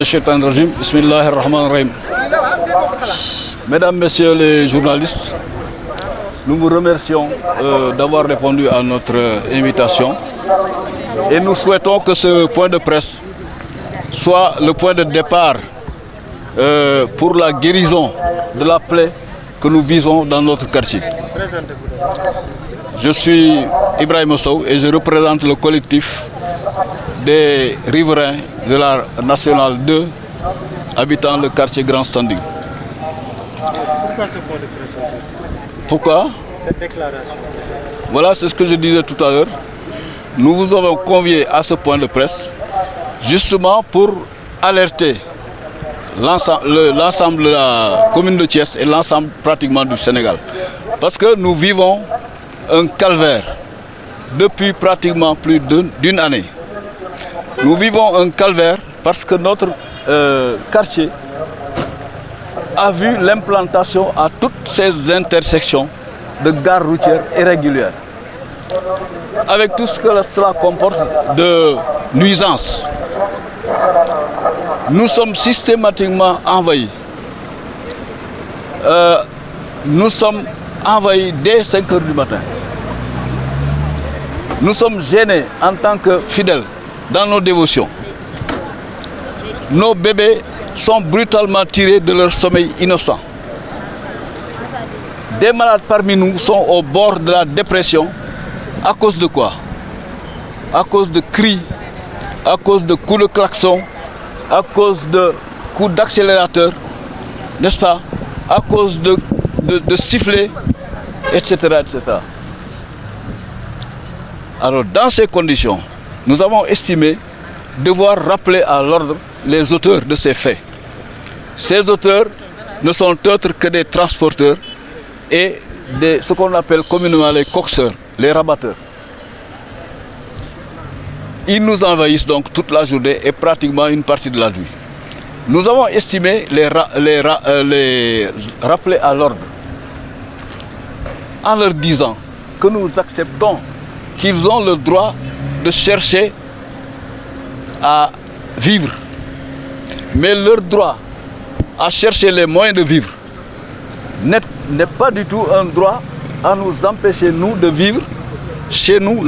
Mesdames, Messieurs les journalistes, nous vous remercions euh, d'avoir répondu à notre invitation et nous souhaitons que ce point de presse soit le point de départ euh, pour la guérison de la plaie que nous visons dans notre quartier. Je suis Ibrahim Ossou et je représente le collectif des riverains de la Nationale 2 habitant le quartier Grand Standing. Pourquoi ce point de presse Pourquoi Cette déclaration. Voilà, c'est ce que je disais tout à l'heure. Nous vous avons convié à ce point de presse justement pour alerter l'ensemble de la commune de Thiès et l'ensemble pratiquement du Sénégal. Parce que nous vivons un calvaire depuis pratiquement plus d'une année. Nous vivons un calvaire parce que notre euh, quartier a vu l'implantation à toutes ces intersections de gares routières irrégulières. Avec tout ce que cela comporte de nuisances, nous sommes systématiquement envahis. Euh, nous sommes envahis dès 5 heures du matin. Nous sommes gênés en tant que fidèles dans nos dévotions. Nos bébés sont brutalement tirés de leur sommeil innocent. Des malades parmi nous sont au bord de la dépression. À cause de quoi À cause de cris, à cause de coups de klaxon, à cause de coups d'accélérateur, n'est-ce pas À cause de, de, sifflets, etc., etc. Alors dans ces conditions, nous avons estimé devoir rappeler à l'ordre les auteurs de ces faits. Ces auteurs ne sont autres que des transporteurs et des, ce qu'on appelle communément les coxeurs, les rabatteurs. Ils nous envahissent donc toute la journée et pratiquement une partie de la nuit. Nous avons estimé les, euh, les rappeler à l'ordre en leur disant que nous acceptons qu'ils ont le droit chercher à vivre. Mais leur droit à chercher les moyens de vivre n'est pas du tout un droit à nous empêcher, nous, de vivre chez nous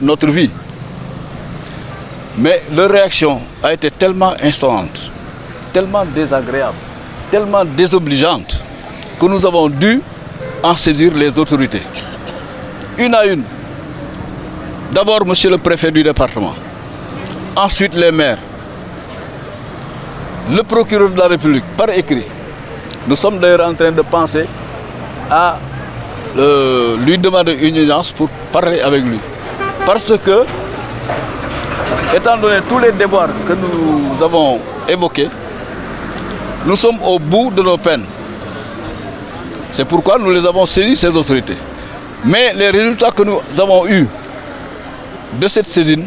notre vie. Mais leur réaction a été tellement insolente, tellement désagréable, tellement désobligeante que nous avons dû en saisir les autorités. Une à une, D'abord, monsieur le préfet du département, ensuite les maires, le procureur de la République, par écrit. Nous sommes d'ailleurs en train de penser à euh, lui demander une audience pour parler avec lui. Parce que, étant donné tous les déboires que nous avons évoqués, nous sommes au bout de nos peines. C'est pourquoi nous les avons saisis, ces autorités. Mais les résultats que nous avons eus de cette saisine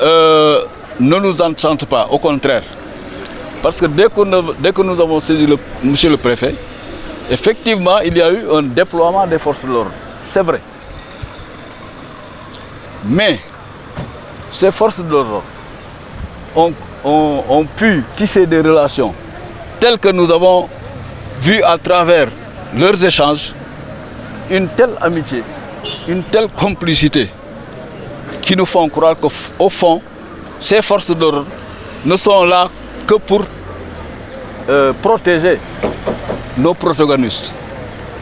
euh, ne nous enchante pas, au contraire. Parce que dès que nous, avons saisi le, monsieur le préfet, effectivement, il y a eu un déploiement des forces de l'ordre. C'est vrai. Mais ces forces de l'ordre ont, ont pu tisser des relations telles que nous avons vu à travers leurs échanges une telle amitié, une telle complicité qui nous font croire qu'au fond, ces forces d'ordre ne sont là que pour euh, protéger nos protagonistes.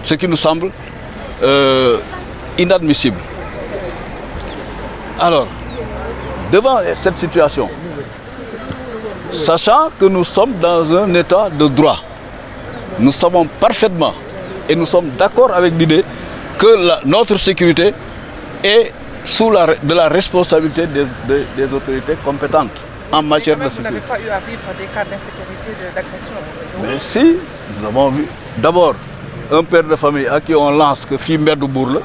Ce qui nous semble euh, inadmissible. Alors, devant cette situation, sachant que nous sommes dans un état de droit, nous savons parfaitement et nous sommes d'accord avec l'idée que notre sécurité est sous la, de la responsabilité des, autorités compétentes en matière de sécurité. Vous n'avez pas eu à vivre des cas d'insécurité, d'agression Mais si, nous avons vu. D'abord, un père de famille à qui on lance que fille mère de bourle,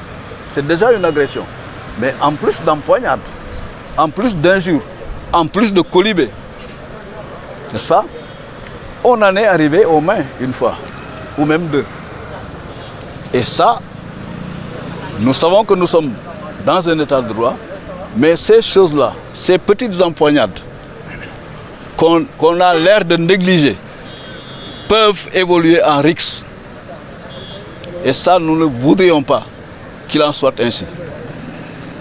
c'est déjà une agression. Mais en plus d'empoignade, en plus d'injures, en plus de colibé, n'est-ce pas On en est arrivé aux mains une fois, ou même deux. Et ça, nous savons que nous sommes dans un état de droit, mais ces choses-là, ces petites empoignades qu'on a l'air de négliger, peuvent évoluer en rix. Et ça, nous ne voudrions pas qu'il en soit ainsi.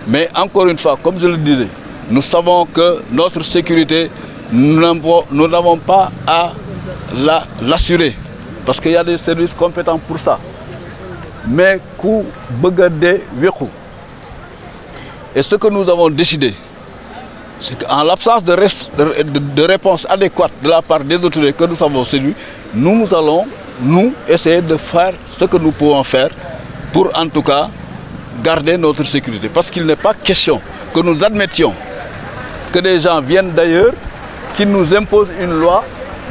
Mais encore une fois, comme je le disais, nous savons que notre sécurité, nous n'avons pas à l'assurer. parce qu'il y a des services compétents pour ça. Mais, coup, bugadé, et ce que nous avons décidé, c'est qu'en l'absence de, réponse adéquate de la part des autorités que nous avons séduit, nous, nous allons, nous, essayer de faire ce que nous pouvons faire pour, en tout cas, garder notre sécurité. Parce qu'il n'est pas question que nous admettions que des gens viennent d'ailleurs qui nous imposent une loi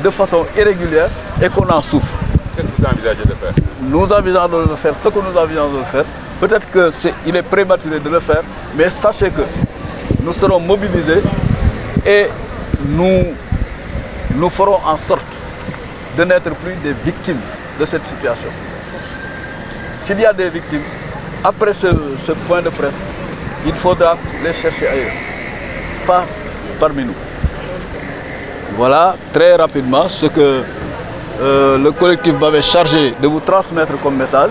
de façon irrégulière et qu'on en souffre. Qu'est-ce que vous envisagez de faire Nous envisageons de faire ce que nous envisageons de faire, Peut-être qu'il est, est prématuré de le faire, mais sachez que nous serons mobilisés et nous, nous ferons en sorte de n'être plus des victimes de cette situation. S'il y a des victimes, après ce, point de presse, il faudra les chercher ailleurs, pas parmi nous. Voilà très rapidement ce que euh, le collectif m'avait chargé de vous transmettre comme message.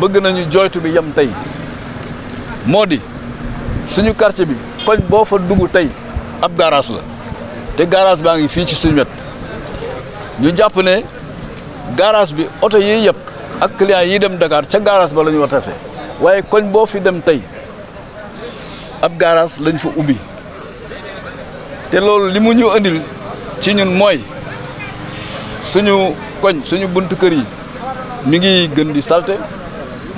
bëgg nañu joytu bi yam tey modi suñu quartier bi koñ bo fa dugg tey ab garage la te garage baa ngi fii ci suñu wet ñu jàpp ne garage bi oto yi yëpp ak client yi dem Dakar ca garage ba lañu ñu war tase waaye koñ boo fi dem tey ab garage lañ fa ubbi te loolu li mu ñu andil ci ñun mooy suñu koñ suñu buntu kër yi mi ngi gën di salté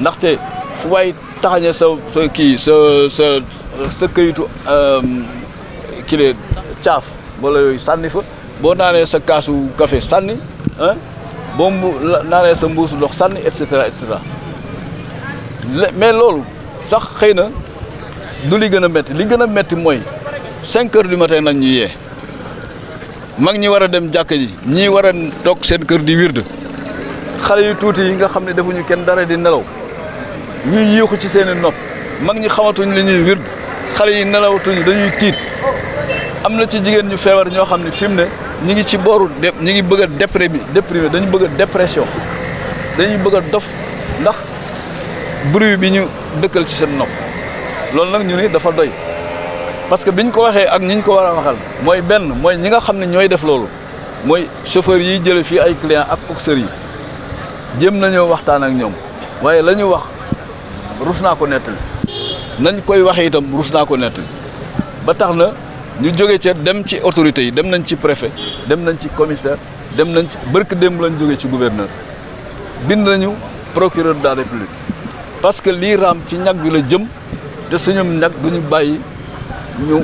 ndaxte fu waay taxañe sa sa kii sa sa sa këyitu kile caaf wala yoy sanni fa bo nané sa kasu café sanni ah eh? bo nané sa mbousu dox sanni et cetera et cetera mais loolu sax xeyna du li gëna metti li gëna metti moy 5 cinq heures du matin nañ ñu mag ñi wara dem jakk ji ñi wara tok sen kër di wirde xalé yu tuti yi nga xam defuñu kenn dara di nelaw ñuy yéexu ci seen i nopp mag ñi xamatuñ li ñuy wird xale yi nelawatuñ dañuy tiit am na ci jigéen ñu feebar ñoo xam ne fi mu ne ñi ngi ci booru de ñi ngi bëgg a déprimé déprimé dañu bëgg dépression dañuy bëgg a dof ndax bruit bi ñu dëkkal ci seen nopp loolu nag ñu ni dafa doy parce que biñ ko waxee ak ñi ñu ko war a waxal mooy benn mooy ñi nga xam ne ñooy def loolu mooy chauffeur yiy jële fii ay client ak coxeur yi jéem nañoo waxtaan ak ñoom waaye lañu wax rus naa ko nettali nañ koy waxee itam rus naa ko nettali ba tax na ñu jóge ca dem ci autorités yi dem nañ ci préfet dem nañ ci commissaire dem nañ ci bërk démb lañ jóge ci gouverneur bind nañu procureur de la république parce que lii raam ci ñag bi la jëm te suñu ñag du ñu bàyyi ñu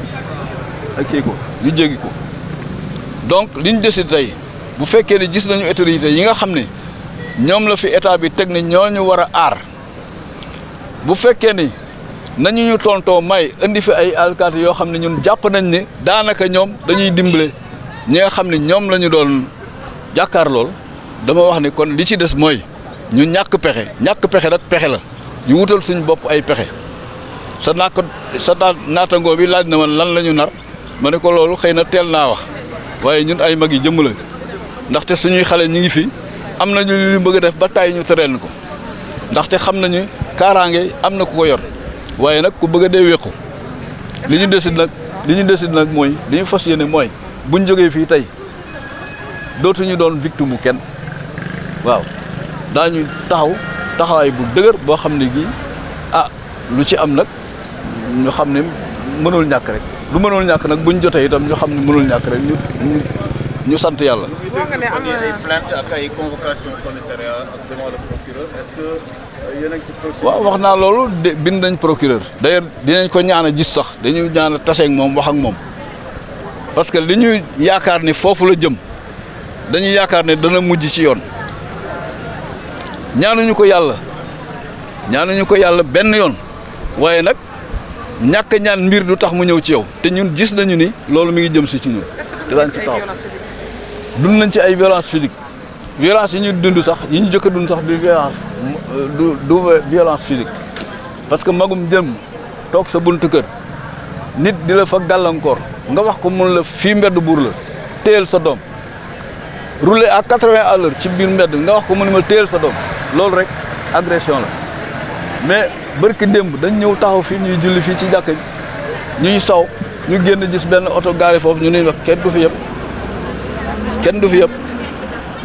kii ko ñu jéggi ko donc li ñu décidé bu fekkee ne gis nañu autorités yi nga xam ni ñoom la fi état bi teg ne ñoo ñu war a aar bu fekkee ni nañu ñu tontoo may indi fi ay alkaati yoo xam ne ñun jàpp nañ ni daanaka ñoom dañuy dimbale ñi nga xam ne doon dama wax ni kon li ci des mooy ñu ñàkk pexe ñàkk pexe nag pexe la ñu wutal suñ bopp ay pexe sa naako sa naatangoo bi laaj na ma lan la nar ma ne ko loolu tel na teel naa wax waaye ñun ay mag yi jëmm la suñuy xale ñi ngi fi am nañu lu bëgg def ba ñu ko ndaxte xam nañu kaaraange am na ku ko yor waaye nag ku bëgg a dee wéqu li ñu décide nag li ñu décide nag mooy li ñu fas yéene mooy bu ñu jógee fii tey dootuñu doon victime bu kenn waaw daañu taxaw taxawaay bu dëgër boo xam ne gii ah lu ci am nag ñu xam ne mënul ñàkk rek lu mënul ñàkk nag bu ñu jotee itam ñu xam ne mënul ñàkk rek ñu ñu sant yàlla. boo waaw wax naa loolu bind nañ procureur d'ailleurs dinañ ko ñaan a gis sax dañuy ñaan a taseeg moom wax ak moom parce que li ñuy yaakaar ni foofu la jëm dañu yaakaar ne dana mujj ci yoon ñaanuñu ko yàlla ñaanuñu ko yàlla benn yoon waaye nag ñàkk ñaan mbir du tax mu ñëw ci yow te ñun gis nañu ni loolu mu ngi jëm si ci ñun du daañ nañ ci ay violence physique violence yi ñu dund sax yi ñu jëk dund sax du violence du du violence physique parce que magum jëm tok sa buntu kër nit di la fa kor, nga wax ko mën la fi mbedd bur la téyel sa dom rouler à 80 à l'heure ci bir mbedd nga wax ko mën ma téyel sa dom lool rek agression la mais barki demb dañ ñew taxaw fi ñuy julli fi ci jakk ñuy saw ñu genn gis ben auto garé fofu ñu ne kenn du fi yëpp kenn du fi yëpp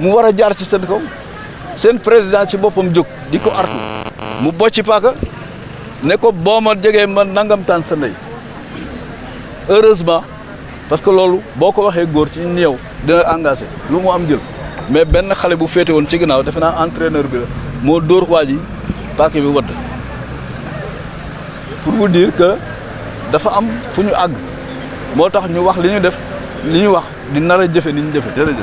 mu wara jaar ci sen kaw sen president ci bopam juk diko artu mu bocci paka ne ko boo ma jegee ma nangam tan sa ney heureusement parce que lolu boko waxe gor ci néew de engagé lu mu am jël mais ben xalé bu fété won ci ginaaw defe naa entraîneur bi mo moo dóor paké bi wad pour vous dire que dafa am fuñu ag motax ñu wax li ñu def li ñu wax di nara jëfé jëfe ni ñu jëfe